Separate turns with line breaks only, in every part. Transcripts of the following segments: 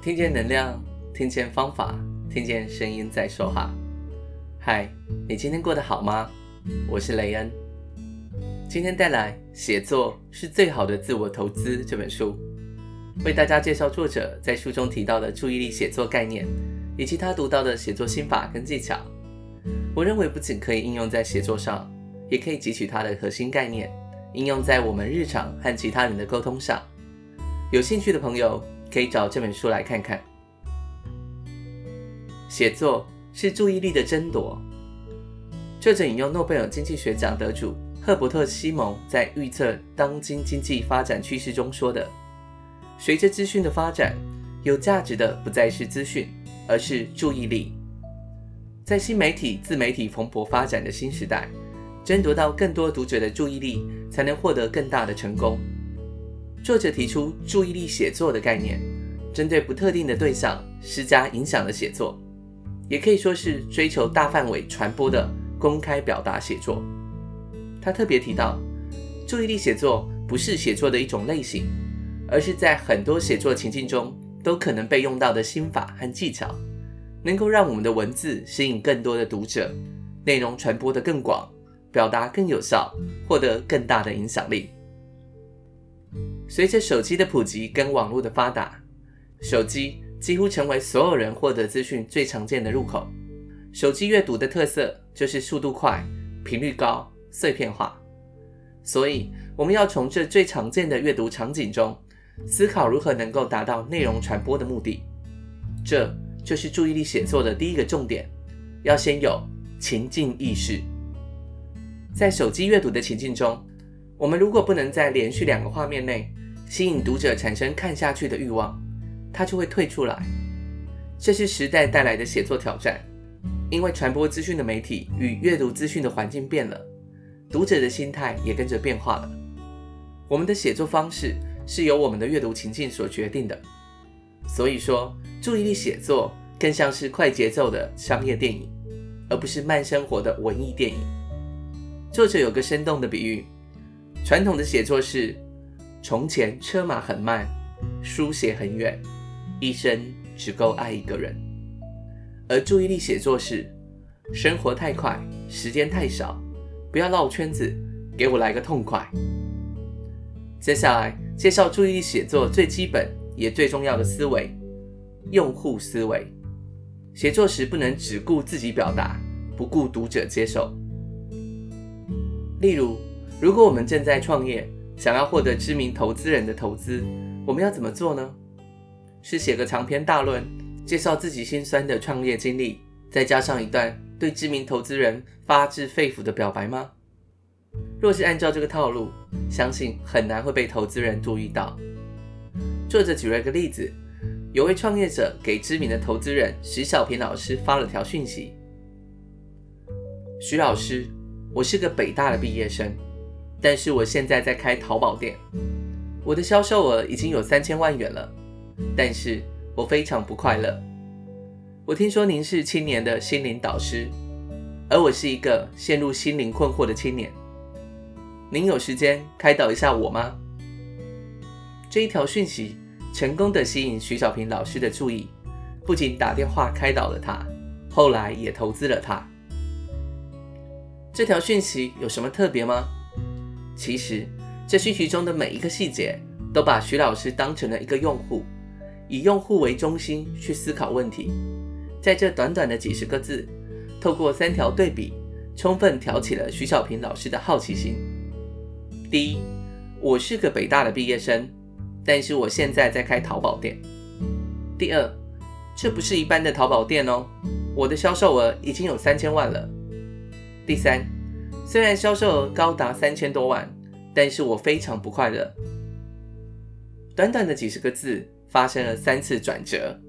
聽見能量，聽見方法，聽見聲音在說話。嗨，你今天過得好嗎？我是雷恩。今天帶來《寫作是最好的自我投資》這本書，為大家介紹作者在書中提到的注意力寫作概念，以及他獨到的寫作心法跟技巧。我認為不僅可以應用在寫作上，也可以汲取它的核心概念，應用在我們日常和其他人的溝通上。有興趣的朋友，可以找這本書來看看。寫作是注意力的爭奪。作者引用諾貝爾經濟學獎得主赫伯特·西蒙在預測當今經濟發展趨勢中說的：“隨着資訊的發展，有價值的不再是資訊，而是注意力。”在新媒體、自媒體蓬勃發展的新時代，爭奪到更多讀者的注意力，才能獲得更大的成功。作者提出注意力寫作的概念，針對不特定的對象施加影響的寫作，也可以說是追求大範圍傳播的公開表達寫作。他特別提到，注意力寫作不是寫作的一種類型，而是在很多寫作情境中都可能被用到的心法和技巧，能夠讓我們的文字吸引更多的讀者，內容傳播得更廣，表達更有效，獲得更大的影響力。隨着手機的普及跟網絡的發達，手機幾乎成為所有人獲得資訊最常見的入口。手機閱讀的特色就是速度快、頻率高、碎片化。所以，我們要從這最常見的閱讀場景中思考如何能夠達到內容傳播的目的。這就是注意力寫作的第一個重點，要先有情境意識。在手機閱讀的情境中，我們如果不能在連續兩個畫面內吸引讀者產生看下去的慾望，他就會退出來。這是時代帶來的寫作挑戰，因為傳播資訊的媒體與閱讀資訊的環境變了，讀者的心態也跟着變化了。我們的寫作方式是由我們的閱讀情境所決定的，所以說，注意力寫作更像是快節奏的商業電影，而不是慢生活的文藝電影。作者有個生動的比喻。傳統的寫作是，從前車馬很慢，書寫很遠，一生只夠愛一個人。而注意力寫作是，生活太快，時間太少，不要繞圈子，給我來個痛快。接下來介紹注意力寫作最基本也最重要的思維——用戶思維。寫作時不能只顧自己表達，不顧讀者接受。例如，如果我們正在創業，想要獲得知名投資人的投資，我們要怎麼做呢？是寫個長篇大論，介紹自己心酸的創業經歷，再加上一段對知名投資人發自肺腑的表白嗎？若是按照這個套路，相信很難會被投資人注意到。作者舉了一個例子，有位創業者給知名的投資人徐小平老師發了條訊息：“徐老師，我是個北大的畢業生。”但是我現在在開淘寶店，我的銷售額已經有三千萬元了，但是我非常不快樂。我聽說您是青年的心靈導師，而我是一個陷入心靈困惑的青年，您有時間開導一下我嗎？這一條訊息成功地吸引徐小平老師的注意，不僅打電話開導了他，後來也投資了他。這條訊息有什麼特別嗎？其實，這訊息中的每一個細節都把徐老師當成了一個用戶，以用戶為中心去思考問題。在這短短的幾十個字，透過三條對比，充分挑起了徐小平老師的好奇心。第一，我是個北大的畢業生，但是我現在在開淘寶店。第二，這不是一般的淘寶店哦，我的銷售額已經有三千萬了。第三。雖然銷售額高達三千多萬，但是我非常不快樂。短短的幾十個字發生了三次轉折，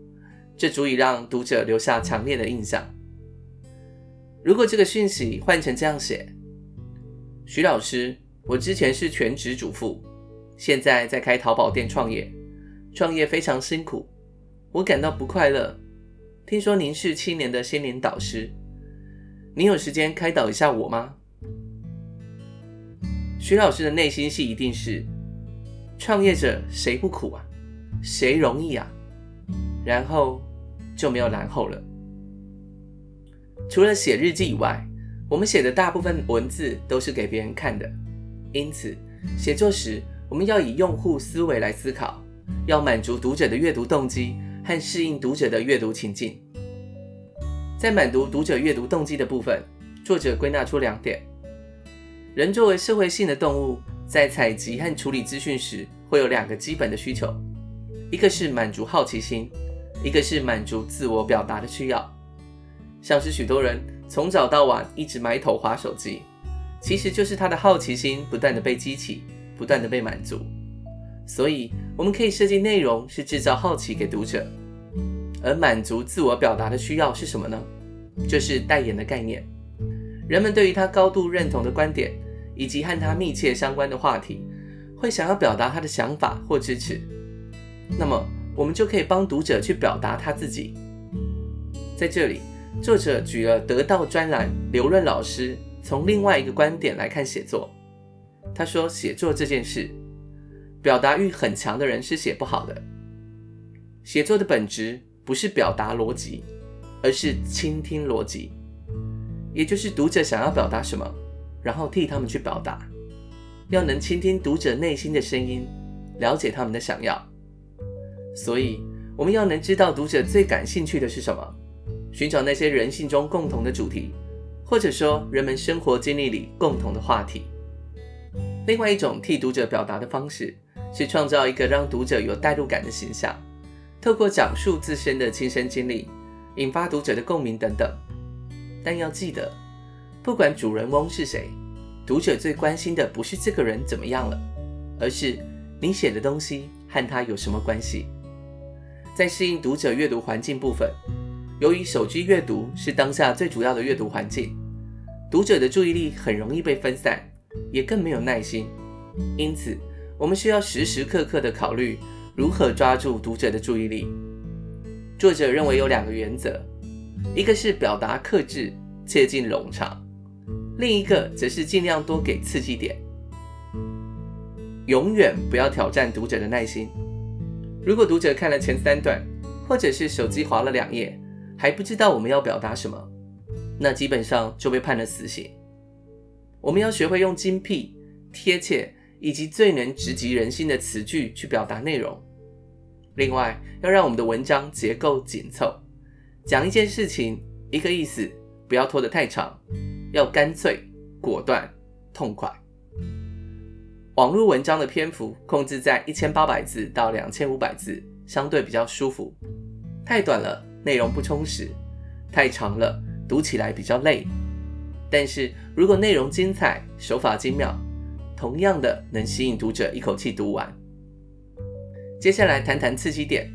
這足以讓讀者留下強烈的印象。如果這個訊息換成這樣寫：“徐老師，我之前是全職主婦，現在在開淘寶店創業，創業非常辛苦，我感到不快樂。聽說您是青年的心靈導師，您有時間開導一下我嗎？”徐老師的內心戲一定是：創業者誰不苦啊，誰容易啊？然後就沒有然後了。除了寫日記以外，我們寫的大部分文字都是給別人看的，因此寫作時我們要以用戶思維來思考，要滿足讀者的閱讀動機和適應讀者的閱讀情境。在滿足讀，讀者閱讀動機的部分，作者歸納出兩點。人作為社會性的動物，在採集和處理資訊時，會有兩個基本的需求，一個是滿足好奇心，一個是滿足自我表達的需要。像是許多人從早到晚一直埋頭滑手機，其實就是他的好奇心不斷的被激起，不斷的被滿足。所以，我們可以設計內容是制造好奇給讀者，而滿足自我表達的需要是什麼呢？就是代言的概念。人們對於他高度認同的觀點，以及和他密切相關的話題，會想要表達他的想法或支持。那麼，我們就可以幫讀者去表達他自己。在這裡，作者舉了得到專欄劉潤老師從另外一個觀點來看寫作。他說：“寫作這件事，表達慾很強的人是寫不好的。寫作的本質不是表達邏輯，而是傾聽邏輯。”也就是讀者想要表達什麼，然後替他們去表達，要能傾聽讀者內心的聲音，了解他們的想要。所以我們要能知道讀者最感興趣的是什麼，尋找那些人性中共同的主題，或者說人們生活經歷裡共同的話題。另外一種替讀者表達的方式，是創造一個讓讀者有代入感的形象，透過講述自身的親身經歷，引發讀者的共鳴等等。但要記得，不管主人翁是誰，讀者最關心的不是這個人怎麼樣了，而是你寫的東西和他有什麼關係。在適應讀者閱讀環境部分，由於手機閱讀是當下最主要的閱讀環境，讀者的注意力很容易被分散，也更沒有耐心。因此，我們需要時時刻刻地考慮如何抓住讀者的注意力。作者認為有兩個原則。一個是表達克制，切忌冗長；另一個則是盡量多給刺激點。永遠不要挑戰讀者的耐心。如果讀者看了前三段，或者是手機滑了兩頁，還不知道我們要表達什麼，那基本上就被判了死刑。我們要學會用精闢、貼切以及最能直擊人心的詞句去表達內容。另外，要讓我們的文章結構緊湊。講一件事情，一個意思，不要拖得太長，要乾脆、果斷、痛快。網絡文章的篇幅控制在一千八百字到兩千五百字，相對比較舒服。太短了，內容不充實；太長了，讀起來比較累。但是如果內容精彩，手法精妙，同樣的能吸引讀者一口氣讀完。接下來談談刺激點，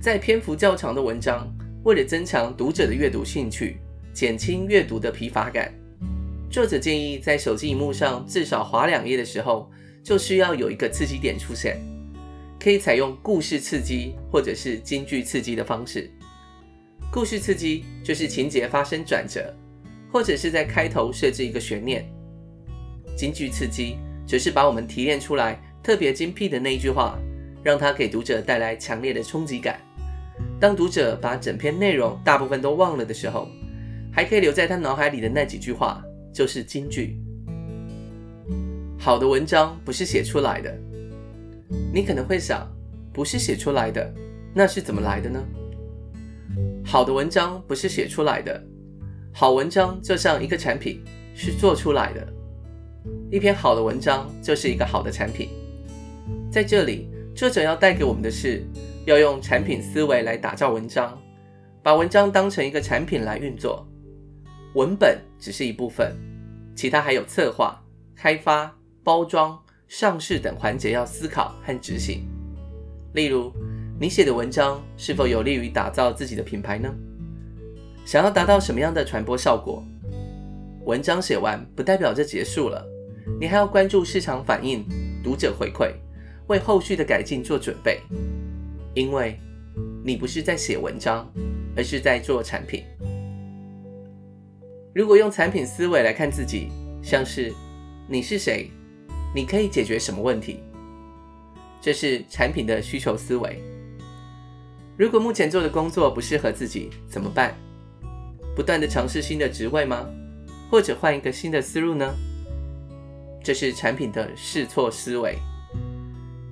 在篇幅較長的文章。為了增強讀者的閱讀興趣，減輕閱讀的疲乏感，作者建議在手機熒幕上至少劃兩頁的時候，就需要有一個刺激點出現。可以採用故事刺激或者是金句刺激的方式。故事刺激就是情節發生轉折，或者是在開頭設置一個懸念。金句刺激則是把我們提煉出來特別精闢的那一句話，讓它給讀者帶來強烈的衝擊感。當讀者把整篇內容大部分都忘了的時候，還可以留在他腦海裡的那幾句話，就是金句。好的文章不是寫出來的。你可能會想，不是寫出來的，那是怎麼來的呢？好的文章不是寫出來的，好文章就像一個產品，是做出來的。一篇好的文章就是一個好的產品。在這裡，作者要帶給我們的是，要用產品思維來打造文章，把文章當成一個產品來運作。文本只是一部分，其他還有策劃、開發、包裝、上市等環節要思考和執行。例如，你寫的文章是否有利於打造自己的品牌呢？想要達到什麼樣的傳播效果？文章寫完不代表就結束了，你還要關注市場反應、讀者回饋，為後續的改進做準備。因為，你不是在寫文章，而是在做產品。如果用產品思維來看自己，像是你是誰，你可以解決什麼問題？這是產品的需求思維。如果目前做的工作不適合自己，怎麼辦？不斷的嘗試新的職位嗎？或者換一個新的思路呢？這是產品的試錯思維。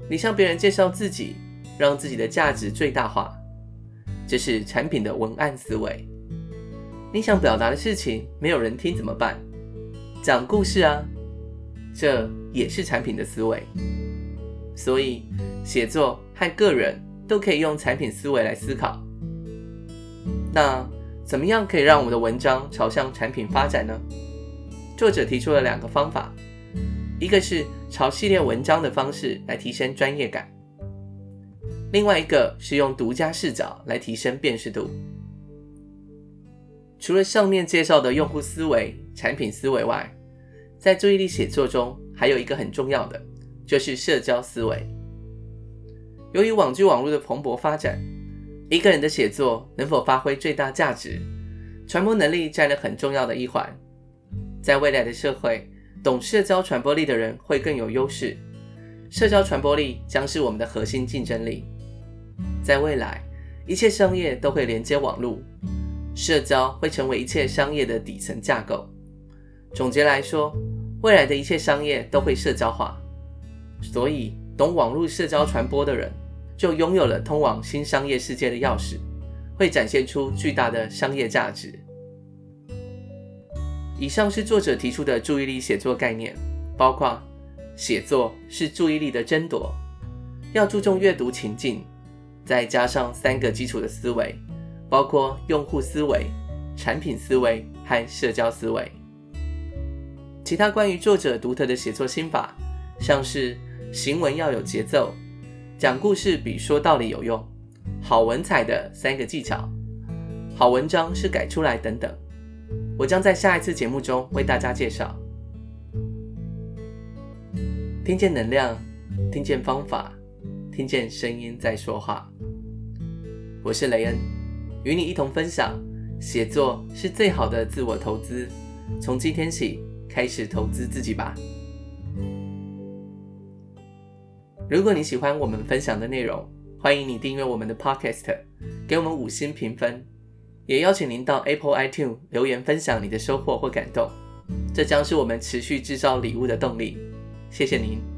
你向別人介紹自己，讓自己的價值最大化,這是產品的文案思維。你想表達的事情沒有人聽怎麼辦？講故事啊，這也是產品的思維。所以，寫作和個人都可以用產品思維來思考。那怎麼樣可以讓我們的文章朝向產品發展呢？作者提出了兩個方法，一個是朝系列文章的方式來提升專業感。另外一個是用獨家視角來提升辨識度。除了上面介紹的用戶思維、產品思維外，在注意力寫作中還有一個很重要的，就是社交思維。由於網際網路的蓬勃發展，一個人的寫作能否發揮最大價值，傳播能力占了很重要的一環。在未來的社會，懂社交傳播力的人會更有優勢，社交傳播力將是我們的核心競爭力。在未來，一切商業都會連接網絡，社交會成為一切商業的底層架構。總結來說，未來的一切商業都會社交化，所以懂網絡社交傳播的人就擁有了通往新商業世界的鑰匙，會展現出巨大的商業價值。以上是作者提出的注意力寫作概念，包括寫作是注意力的爭奪，要注重閱讀情境。再加上三個基礎的思維，包括用戶思維、產品思維和社交思維。其他關於作者獨特的寫作心法，像是行文要有節奏、講故事比說道理有用、好文采的三個技巧、好文章是改出來等等，我將在下一次節目中為大家介紹。聽見能量，聽見方法，聽見聲音在說話。我是雷恩，與你一同分享。寫作是最好的自我投資，從今天起開始投資自己吧。如果你喜歡我們分享的內容，歡迎你訂閱我們的 Podcast，給我們五星評分，也邀請您到 Apple iTunes 留言分享你的收穫或感動，這將是我們持續製造禮物的動力。謝謝您。